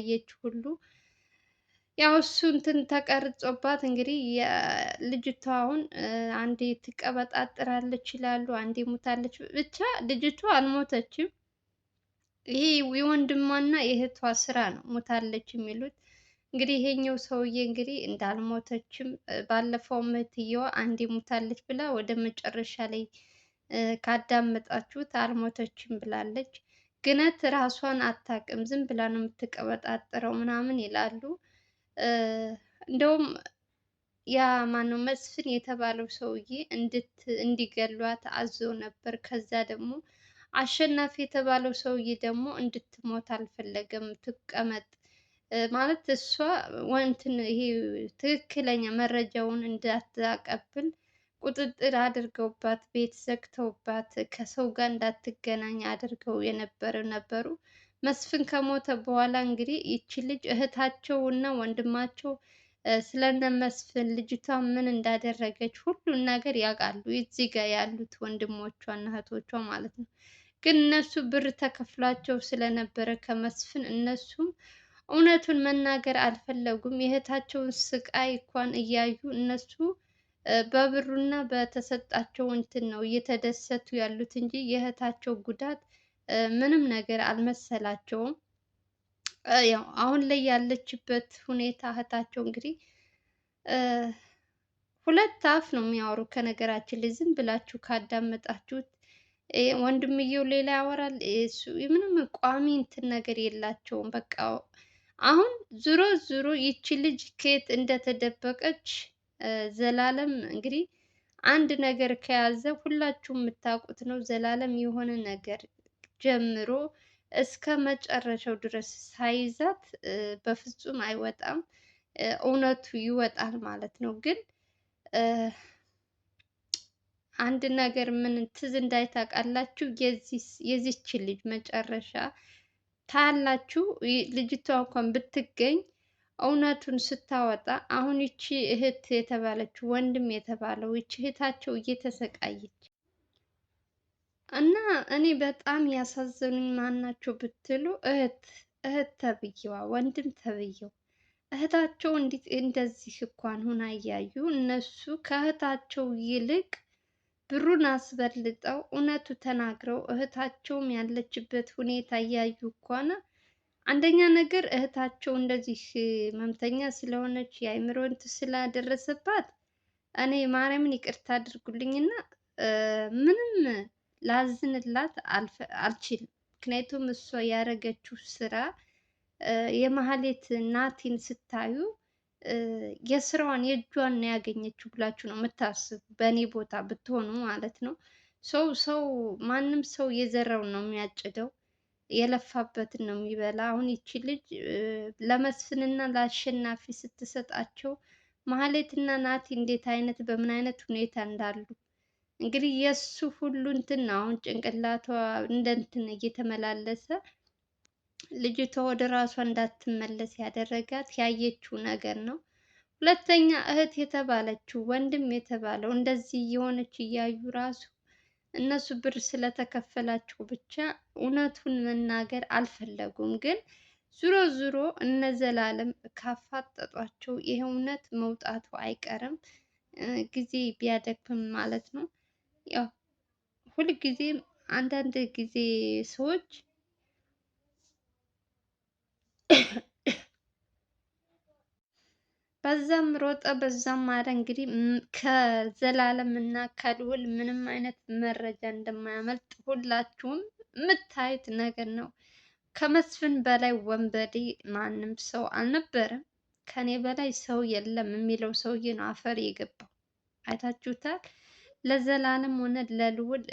ያየች ሁሉ ያው እሱ እንትን ተቀርጾባት እንግዲህ ልጅቷ አሁን አንዴ ትቀበጣጥራለች ይላሉ፣ አንዴ ሞታለች። ብቻ ልጅቷ አልሞተችም። ይሄ የወንድሟና የእህቷ ስራ ነው ሞታለች የሚሉት። እንግዲህ ይሄኛው ሰውዬ እንግዲህ እንዳልሞተችም ባለፈው እህትየዋ አንዴ ሞታለች ብላ ወደ መጨረሻ ላይ ካዳመጣችሁት አልሞተችም ብላለች። ግነት ራሷን አታውቅም፣ ዝም ብላ ነው የምትቀበጣጥረው ምናምን ይላሉ። እንደውም ያ ማነው መስፍን የተባለው ሰውዬ እንዲገሏት አዞ ነበር። ከዛ ደግሞ አሸናፊ የተባለው ሰውዬ ደግሞ እንድትሞት አልፈለገም። ትቀመጥ ማለት እሷ ወንትን ይሄ ትክክለኛ መረጃውን እንዳታቀብል ቁጥጥር አድርገውባት ቤት ዘግተውባት ከሰው ጋር እንዳትገናኝ አድርገው የነበረ ነበሩ። መስፍን ከሞተ በኋላ እንግዲህ ይቺ ልጅ እህታቸው እና ወንድማቸው ስለነ መስፍን ልጅቷ ምን እንዳደረገች ሁሉን ነገር ያውቃሉ። እዚህ ጋር ያሉት ወንድሞቿ እና እህቶቿ ማለት ነው። ግን እነሱ ብር ተከፍሏቸው ስለነበረ ከመስፍን እነሱም እውነቱን መናገር አልፈለጉም። የእህታቸውን ስቃይ እንኳን እያዩ እነሱ በብሩና በተሰጣቸው እንትን ነው እየተደሰቱ ያሉት እንጂ የእህታቸው ጉዳት ምንም ነገር አልመሰላቸውም። ያው አሁን ላይ ያለችበት ሁኔታ እህታቸው እንግዲህ ሁለት አፍ ነው የሚያወሩ። ከነገራችን ላይ ዝም ብላችሁ ካዳመጣችሁት ወንድምየው ሌላ ያወራል። እሱ ምንም ቋሚ እንትን ነገር የላቸውም። በቃ አሁን ዝሮ ዝሮ ይቺ ልጅ ከየት እንደተደበቀች ዘላለም እንግዲህ አንድ ነገር ከያዘ ሁላችሁም የምታውቁት ነው። ዘላለም የሆነ ነገር ጀምሮ እስከ መጨረሻው ድረስ ሳይዛት በፍጹም አይወጣም። እውነቱ ይወጣል ማለት ነው። ግን አንድ ነገር ምን ትዝ እንዳይታቃላችሁ የዚች ልጅ መጨረሻ ታያላችሁ። ልጅቷ እንኳን ብትገኝ እውነቱን ስታወጣ አሁን ይቺ እህት የተባለችው ወንድም የተባለው ይቺ እህታቸው እየተሰቃየች እና እኔ በጣም ያሳዘኑኝ ማናቸው ብትሉ እህት እህት ተብዬዋ ወንድም ተብዬው እህታቸው እንዴት እንደዚህ እንኳን ሁና እያዩ እነሱ ከእህታቸው ይልቅ ብሩን አስበልጠው እውነቱ ተናግረው እህታቸውም ያለችበት ሁኔታ እያዩ እንኳን አንደኛ ነገር እህታቸው እንደዚህ መምተኛ ስለሆነች የአይምሮ እንትን ስላደረሰባት እኔ ማርያምን ይቅርታ አድርጉልኝና ምንም ላዝንላት አልችልም። ምክንያቱም እሷ ያደረገችው ስራ የማህሌት ናቲን ስታዩ የስራዋን የእጇን ያገኘችው ብላችሁ ነው የምታስቡ። በእኔ ቦታ ብትሆኑ ማለት ነው። ሰው ሰው ማንም ሰው የዘራውን ነው የሚያጭደው። የለፋበትን ነው የሚበላ። አሁን ይቺ ልጅ ለመስፍንና ለአሸናፊ ስትሰጣቸው ማህሌትና ናቲ እንዴት አይነት በምን አይነት ሁኔታ እንዳሉ እንግዲህ የእሱ ሁሉ እንትን ነው። አሁን ጭንቅላቷ እንደ እንትን እየተመላለሰ ልጅቷ ወደ ራሷ እንዳትመለስ ያደረጋት ያየችው ነገር ነው። ሁለተኛ እህት የተባለችው ወንድም የተባለው እንደዚህ እየሆነች እያዩ ራሱ እነሱ ብር ስለተከፈላቸው ብቻ እውነቱን መናገር አልፈለጉም። ግን ዙሮ ዙሮ እነ ዘላለም ካፋጠጧቸው ይህ እውነት መውጣቱ አይቀርም። ጊዜ ቢያደግም ማለት ነው። ያው ሁልጊዜም አንዳንድ ጊዜ ሰዎች በዛም ሮጠ በዛም ማረ። እንግዲህ ከዘላለም እና ከልዑል ምንም አይነት መረጃ እንደማያመልጥ ሁላችሁም የምታዩት ነገር ነው። ከመስፍን በላይ ወንበዴ ማንም ሰው አልነበረም። ከኔ በላይ ሰው የለም የሚለው ሰውዬ ነው አፈር የገባው። አይታችሁታል። ለዘላለም ሆነ ለልዑል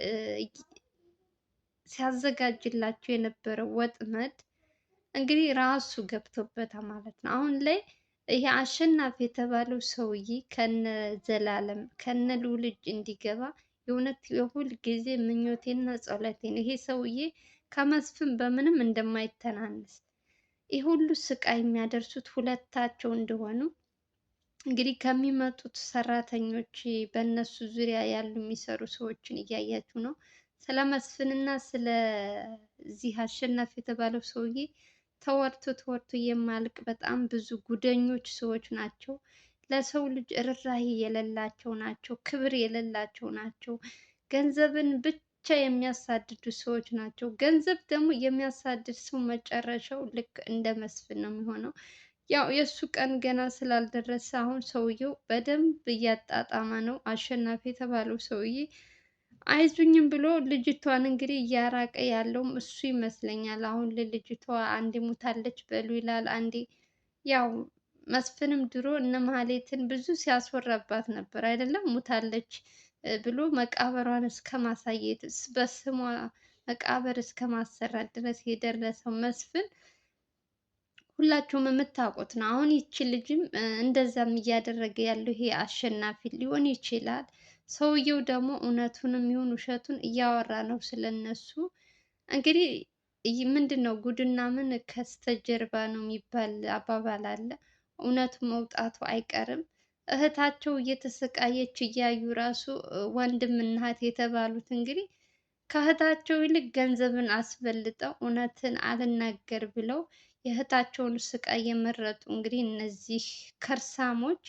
ሲያዘጋጅላቸው የነበረው ወጥመድ እንግዲህ ራሱ ገብቶበታል ማለት ነው አሁን ላይ ይሄ አሸናፊ የተባለው ሰውዬ ከነ ዘላለም ከነ ልዑል እጅ እንዲገባ የእውነት የሁል ጊዜ ምኞቴና ጸሎቴ ነው። ይሄ ሰውዬ ከመስፍን በምንም እንደማይተናነስ ይህ ሁሉ ስቃይ የሚያደርሱት ሁለታቸው እንደሆኑ እንግዲህ ከሚመጡት ሰራተኞች በእነሱ ዙሪያ ያሉ የሚሰሩ ሰዎችን እያያችሁ ነው። ስለ መስፍንና ስለዚህ አሸናፊ የተባለው ሰውዬ ተወርቶ ተወርቶ የማልቅ በጣም ብዙ ጉደኞች ሰዎች ናቸው። ለሰው ልጅ ርህራሄ የሌላቸው ናቸው። ክብር የሌላቸው ናቸው። ገንዘብን ብቻ የሚያሳድዱ ሰዎች ናቸው። ገንዘብ ደግሞ የሚያሳድድ ሰው መጨረሻው ልክ እንደ መስፍን ነው የሚሆነው። ያው የእሱ ቀን ገና ስላልደረሰ አሁን ሰውየው በደንብ እያጣጣመ ነው። አሸናፊ የተባለው ሰውዬ አይዙኝም ብሎ ልጅቷን እንግዲህ እያራቀ ያለውም እሱ ይመስለኛል። አሁን ለልጅቷ አንዴ ሙታለች በሉ ይላል፣ አንዴ ያው መስፍንም ድሮ እነ ብዙ ሲያስወራባት ነበር አይደለም። ሙታለች ብሎ መቃበሯን እስከ ማሳየት በስሟ መቃበር እስከ ማሰራት ድረስ የደረሰው መስፍን ሁላችሁም የምታውቁት ነው። አሁን ይቺ ልጅም እንደዛም እያደረገ ያለው ይሄ አሸናፊ ሊሆን ይችላል። ሰውየው ደግሞ እውነቱንም ይሁን ውሸቱን እያወራ ነው ስለነሱ። እንግዲህ ምንድን ነው ጉድና ምን ከስተጀርባ ነው የሚባል አባባል አለ። እውነቱ መውጣቱ አይቀርም። እህታቸው እየተሰቃየች እያዩ ራሱ ወንድም እናት የተባሉት እንግዲህ ከእህታቸው ይልቅ ገንዘብን አስበልጠው እውነትን አልናገር ብለው የእህታቸውን ስቃይ የመረጡ እንግዲህ እነዚህ ከርሳሞች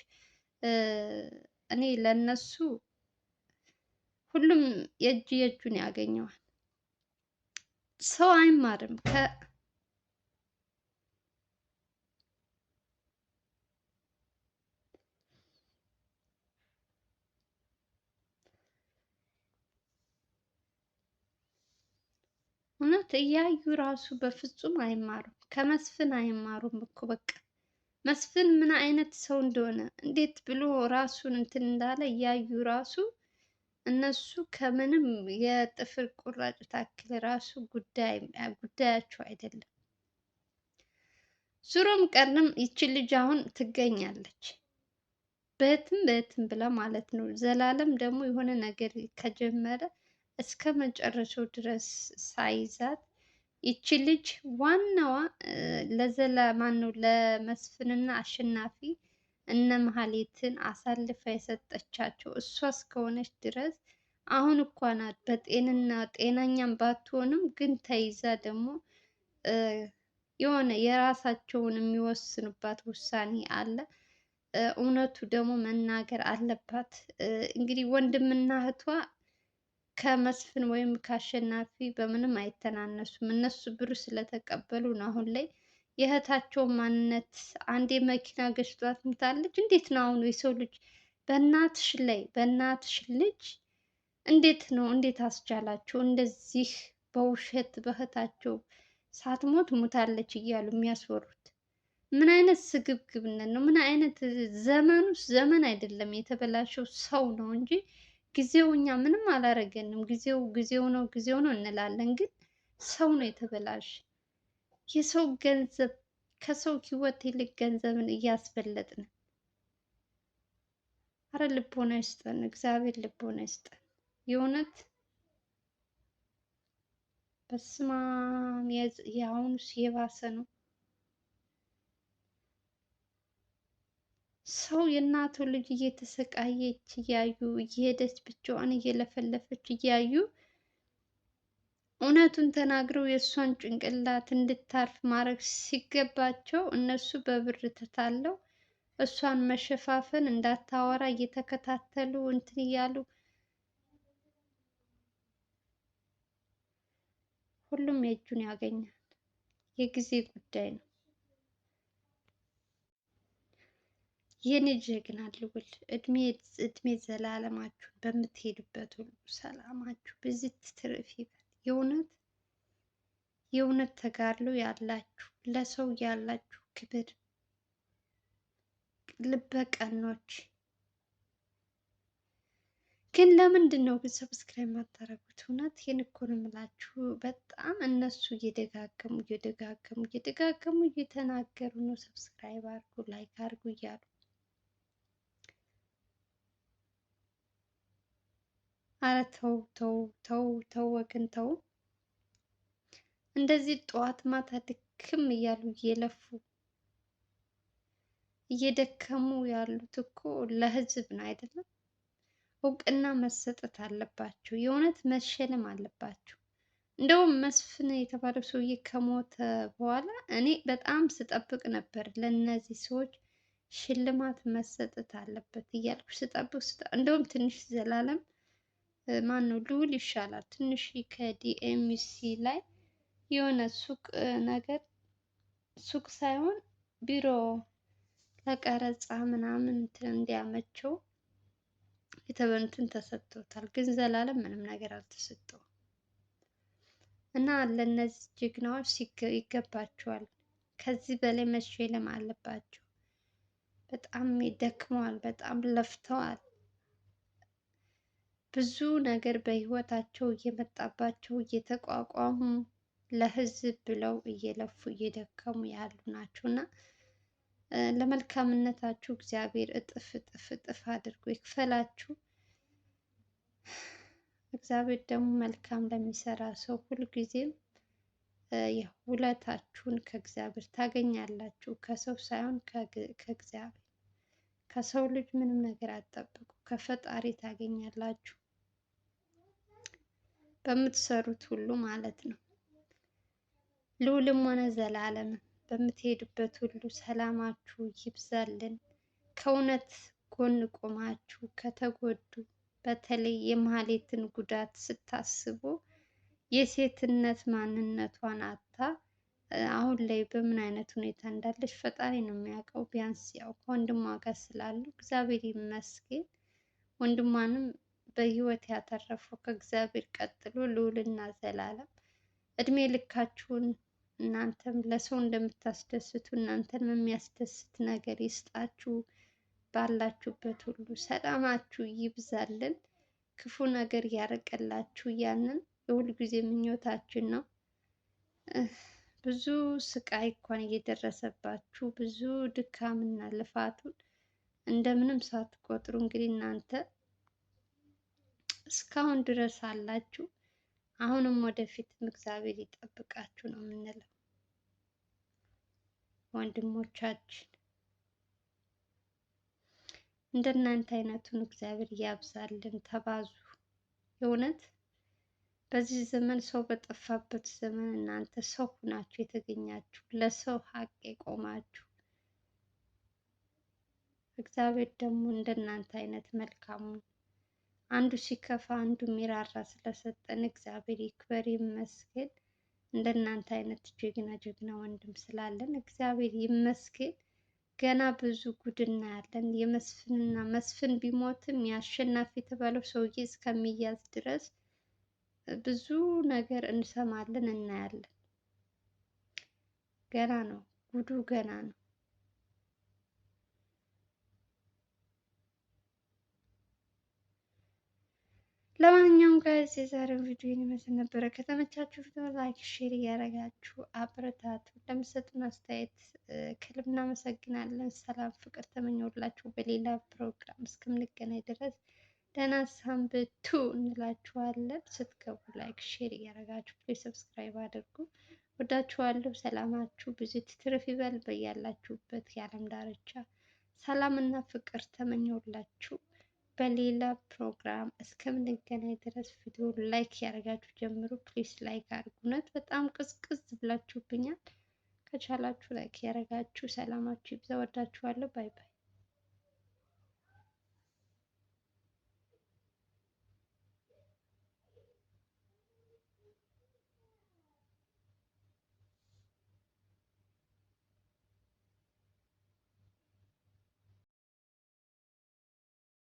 እኔ ለነሱ ሁሉም የእጅ የእጁን ያገኘዋል። ሰው አይማርም ከ እውነት እያዩ ራሱ በፍጹም አይማሩም። ከመስፍን አይማሩም እኮ በቃ መስፍን ምን አይነት ሰው እንደሆነ እንዴት ብሎ ራሱን እንትን እንዳለ እያዩ ራሱ እነሱ ከምንም የጥፍር ቁራጭ ታክል ራሱ ጉዳያቸው አይደለም። ዙሮም ቀርም ይቺ ልጅ አሁን ትገኛለች። በትም በትም ብላ ማለት ነው። ዘላለም ደግሞ የሆነ ነገር ከጀመረ እስከ መጨረሻው ድረስ ሳይዛት ይቺ ልጅ ዋናዋ ለዘላ ማን ነው ለመስፍንና አሸናፊ እነ መሀሌትን አሳልፋ የሰጠቻቸው እሷ እስከሆነች ድረስ አሁን እኳ ናት በጤንና ጤናኛም ባትሆንም ግን ተይዛ ደግሞ የሆነ የራሳቸውን የሚወስኑባት ውሳኔ አለ። እውነቱ ደግሞ መናገር አለባት። እንግዲህ ወንድምና እህቷ ከመስፍን ወይም ከአሸናፊ በምንም አይተናነሱም። እነሱ ብር ስለተቀበሉ ነው አሁን ላይ የእህታቸው ማንነት አንዴ መኪና ገጭቷት ሙታለች። እንዴት ነው አሁኑ የሰው ልጅ በእናትሽ ላይ በእናትሽ ልጅ እንዴት ነው እንዴት አስቻላቸው እንደዚህ በውሸት በእህታቸው ሳትሞት ሙታለች እያሉ የሚያስወሩት ምን አይነት ስግብግብነት ነው? ምን አይነት ዘመኑ ዘመን አይደለም የተበላሸው ሰው ነው እንጂ ጊዜው እኛ ምንም አላረገንም። ጊዜው ጊዜው ነው ጊዜው ነው እንላለን፣ ግን ሰው ነው የተበላሸ። የሰው ገንዘብ ከሰው ህይወት ይልቅ ገንዘብን እያስበለጥን። አረ ልቦና ይስጠን፣ እግዚአብሔር ልቦና ይስጠን። የእውነት በስማም የአሁኑ የባሰ ነው። ሰው የእናቱ ልጅ እየተሰቃየች እያዩ እየሄደች ብቻዋን እየለፈለፈች እያዩ እውነቱን ተናግረው የእሷን ጭንቅላት እንድታርፍ ማድረግ ሲገባቸው እነሱ በብር ተታለው እሷን መሸፋፈን እንዳታወራ እየተከታተሉ እንትን እያሉ ሁሉም የእጁን ያገኛል። የጊዜ ጉዳይ ነው። የኔ ጀግና ልዑል እድሜ ዘላለማችሁ በምትሄዱበት ሁሉ ሰላማችሁ ብዝት ትርፍ ይበል። የእውነት የእውነት ተጋድሎ ያላችሁ ለሰው ያላችሁ ክብር ልበቀኖች ግን ለምንድን ነው ግን ሰብስክራይብ የማታረጉት እውነት ይህን እኮ ነው የምላችሁ። በጣም እነሱ እየደጋገሙ እየደጋገሙ እየደጋገሙ እየተናገሩ ነው ሰብስክራይብ አድርጉ ላይክ እያሉ አረ ተው ተው ተው ተው ወገን ተው። እንደዚህ ጠዋት ማታ ድክም እያሉ እየለፉ እየደከሙ ያሉት እኮ ለህዝብ ነው አይደለም። እውቅና መሰጠት አለባቸው። የእውነት መሸለም አለባቸው። እንደውም መስፍን የተባለው ሰውዬ ከሞተ በኋላ እኔ በጣም ስጠብቅ ነበር ለእነዚህ ሰዎች ሽልማት መሰጠት አለበት እያልኩ ስጠብቅ ስጠ እንደውም ትንሽ ዘላለም ነው ልዑል ይሻላል። ትንሽ ከዲኤምሲ ላይ የሆነ ሱቅ ነገር ሱቅ ሳይሆን ቢሮ ለቀረጻ ምናምን እንትን እንዲያመቸው የተበኑትን ተሰጥቶታል። ግን ዘላለም ምንም ነገር አልተሰጠው? እና ለእነዚህ ጀግናዎች ይገባቸዋል። ከዚህ በላይ መሸለም አለባቸው። በጣም ደክመዋል። በጣም ለፍተዋል። ብዙ ነገር በህይወታቸው እየመጣባቸው እየተቋቋሙ ለህዝብ ብለው እየለፉ እየደከሙ ያሉ ናቸው እና ለመልካምነታችሁ እግዚአብሔር እጥፍ እጥፍ እጥፍ አድርጎ ይክፈላችሁ። እግዚአብሔር ደግሞ መልካም ለሚሰራ ሰው ሁልጊዜም ውለታችሁን ከእግዚአብሔር ታገኛላችሁ። ከሰው ሳይሆን ከእግዚአብሔር። ከሰው ልጅ ምንም ነገር አትጠብቁ፣ ከፈጣሪ ታገኛላችሁ። በምትሰሩት ሁሉ ማለት ነው። ልዑልም ሆነ ዘላለም በምትሄዱበት ሁሉ ሰላማችሁ ይብዛልን። ከእውነት ጎን ቆማችሁ ከተጎዱ በተለይ የማህሌትን ጉዳት ስታስቡ የሴትነት ማንነቷን አታ አሁን ላይ በምን አይነት ሁኔታ እንዳለች ፈጣሪ ነው የሚያውቀው። ቢያንስ ያው ከወንድሟ ጋር ስላሉ እግዚአብሔር ይመስገን ወንድሟንም በህይወት ያተረፈው ከእግዚአብሔር ቀጥሎ ልዑልና ዘላለም እድሜ ልካችሁን እናንተም ለሰው እንደምታስደስቱ እናንተን የሚያስደስት ነገር ይስጣችሁ። ባላችሁበት ሁሉ ሰላማችሁ ይብዛልን፣ ክፉ ነገር ያርቅላችሁ። ያንን የሁል ጊዜ ምኞታችን ነው። ብዙ ስቃይ እንኳን እየደረሰባችሁ ብዙ ድካምና ልፋቱን እንደምንም ሳትቆጥሩ እንግዲህ እናንተ እስካሁን ድረስ አላችሁ። አሁንም ወደፊትም እግዚአብሔር ይጠብቃችሁ ነው የምንለው ወንድሞቻችን። እንደናንተ አይነቱን እግዚአብሔር እያብዛልን። ተባዙ። የእውነት በዚህ ዘመን ሰው በጠፋበት ዘመን እናንተ ሰው ሁናችሁ የተገኛችሁ ለሰው ሀቅ የቆማችሁ እግዚአብሔር ደግሞ እንደናንተ አይነት መልካሙን አንዱ ሲከፋ አንዱ የሚራራ ስለሰጠን እግዚአብሔር ይክበር ይመስገን። እንደናንተ አይነት ጀግና ጀግና ወንድም ስላለን እግዚአብሔር ይመስገን። ገና ብዙ ጉድ እናያለን። የመስፍንና መስፍን ቢሞትም የአሸናፊ የተባለው ሰውዬ እስከሚያዝ ድረስ ብዙ ነገር እንሰማለን፣ እናያለን። ገና ነው ጉዱ ገና ነው። ለማንኛውም ጋይስ የዛሬው ቪዲዮ ይመስል ነበረ። ከተመቻችሁ ቪዲዮ ላይክ፣ ሼር እያደረጋችሁ አበረታቱ። ለምትሰጡን አስተያየት ከልብ እናመሰግናለን። ሰላም፣ ፍቅር ተመኘሁላችሁ። በሌላ ፕሮግራም እስከምንገናኝ ድረስ ደህና ሳምብቱ እንላችኋለን። ስትገቡ ላይክ፣ ሼር እያደረጋችሁ ፕሌ ሰብስክራይብ አድርጉ። ወዳችኋለሁ። ሰላማችሁ ብዙ ትርፍ ይበል። በያላችሁበት የዓለም ዳርቻ ሰላም እና ፍቅር ተመኘሁላችሁ። በሌላ ፕሮግራም እስከምንገናኝ ድረስ ቪዲዮ ላይክ ያደርጋችሁ ጀምሮ ፕሊስ ላይክ አድርጉ። እውነት በጣም ቅዝቅዝ ብላችሁብኛል። ከቻላችሁ ላይክ ያደርጋችሁ። ሰላማችሁ ይብዛ። ወዳችኋለሁ። ባይ ባይ።